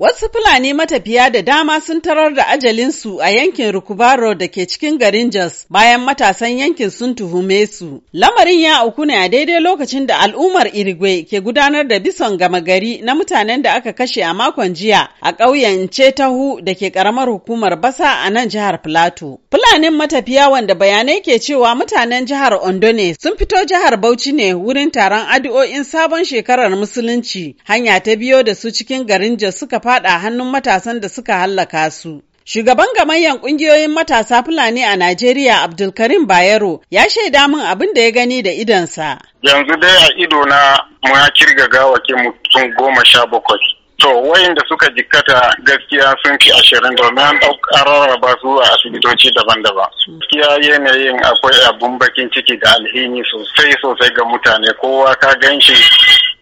Wasu Fulani matafiya da dama sun tarar da ajalinsu a yankin Rukubaro da ke cikin garin Jos bayan matasan yankin sun tuhume su. Lamarin ya auku ne a daidai lokacin da al'ummar Irigwe ke gudanar da bison gama gari na mutanen da aka kashe a makon jiya a ƙauyen Cetahu da ke ƙaramar hukumar Basa a nan jihar Filato. Fulanin matafiya wanda bayanai ke cewa mutanen jihar Ondo ne sun fito jihar Bauchi ne wurin taron addu'o'in sabon shekarar Musulunci. Hanya ta biyo da su cikin garin Jos suka fada hannun matasan da suka hallaka su. Shugaban gamayyan kungiyoyin matasa Fulani a Najeriya Abdulkarim Bayero ya shaida min abin da ya gani da idonsa. Yanzu dai a ido na muna kirga gawake mutum goma sha bakwai. To wayanda suka jikkata gaskiya sun fi ashirin domin an rarraba su a asibitoci daban-daban. Gaskiya yanayin akwai abun bakin ciki da alhini sosai sosai ga mutane kowa ka gan shi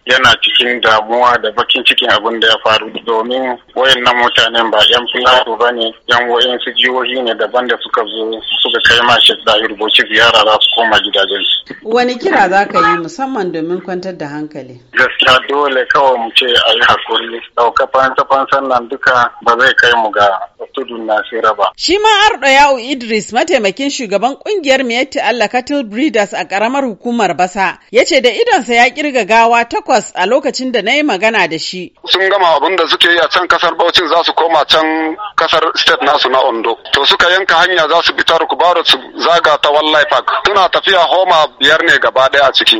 yana cikin damuwa da bakin cikin abin da ya faru domin wayannan mutanen ba yan filato ba ne yan wa'yan su jihohi ne daban da suka zo suka kai ma shi da rubuci ziyara za su koma su. Wani kira za ka yi musamman domin kwantar da hankali? Gaskiya dole kawai mu ce a yi hakuri ɗauka fansa-fansan nan duka ba zai kai mu ga tudun Nasira ba. Shi ma Ardo Yawu Idris mataimakin shugaban kungiyar Miyatti Allah Cattle Breeders a karamar hukumar Basa ya ce da idonsa ya kirga gawa takwas a lokacin da na yi magana da shi. Sun gama abin da suke yi a can kasar Bauchin za su koma can kasar state nasu na Ondo. To suka yanka hanya za su bitar Kubaro su zaga ta Wallai Park. Suna tafiya homa biyar ne gaba daya a ciki.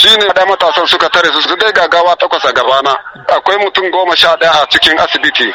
Shi ne da matasan suka tare su su dai gagawa takwas a gabana. Akwai mutum goma sha daya a cikin asibiti.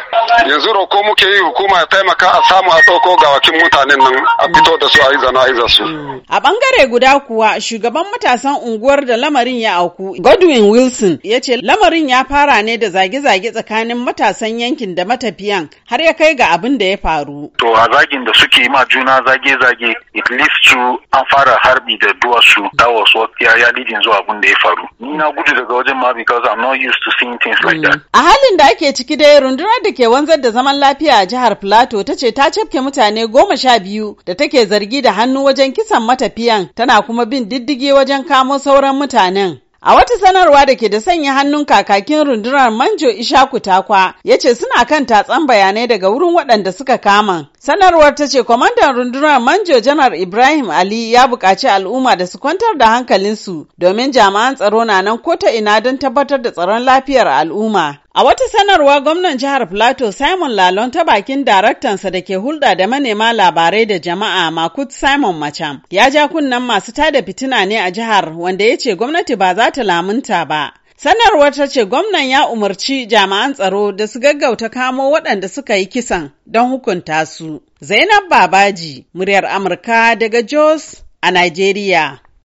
Yanzu roko muke yi hukuma ya taimaka a samu a ga gawakin mutanen nan a fito da su a yi zana su. A bangare guda kuwa shugaban matasan unguwar da lamarin ya auku Godwin Wilson ya ce lamarin ya fara ne da zage-zage tsakanin matasan yankin da matafiyan har ya kai ga ga abin da ya faru. To a zagin da suke ma juna zage-zage it leads to an fara harbi da duwatsu that was what ya ya leading zuwa abin da ya faru. Ni na gudu daga wajen ma because I'm not used to seeing things like hmm. that. A halin da ake ciki dai rundunar da ke wanzar da zaman lafiya a jihar Plateau ta ce ta cafke mutane goma sha biyu da take zargi da hannu wajen kisan matafiyan tana kuma bin diddige wajen kamo sauran mutanen. A wata sanarwa da ke da sanya hannun kakakin rundunar Manjo Ishaku Takwa ya ce suna kan tatsan bayanai daga wurin waɗanda suka kama. Sanarwar ta ce kwamandan rundunar Manjo Janar Ibrahim Ali ya buƙaci al'umma da su kwantar da hankalinsu domin jami'an tsaro na nan ko ta ina don tabbatar da tsaron lafiyar al'umma. A wata sanarwa gwamnan jihar Plateau Simon Lalon ta bakin daraktansa da ke hulɗa da manema labarai da jama'a Makut Simon Macham ya ja kunnen masu tada fitina ne a jihar wanda ya ce gwamnati ba za ta lamunta ba. Sanarwar ta ce gwamnan ya umarci jami'an tsaro da su gaggauta kamo waɗanda suka yi kisan don hukunta su. Zainab Babaji, muryar Amurka daga Jos a Nigeria.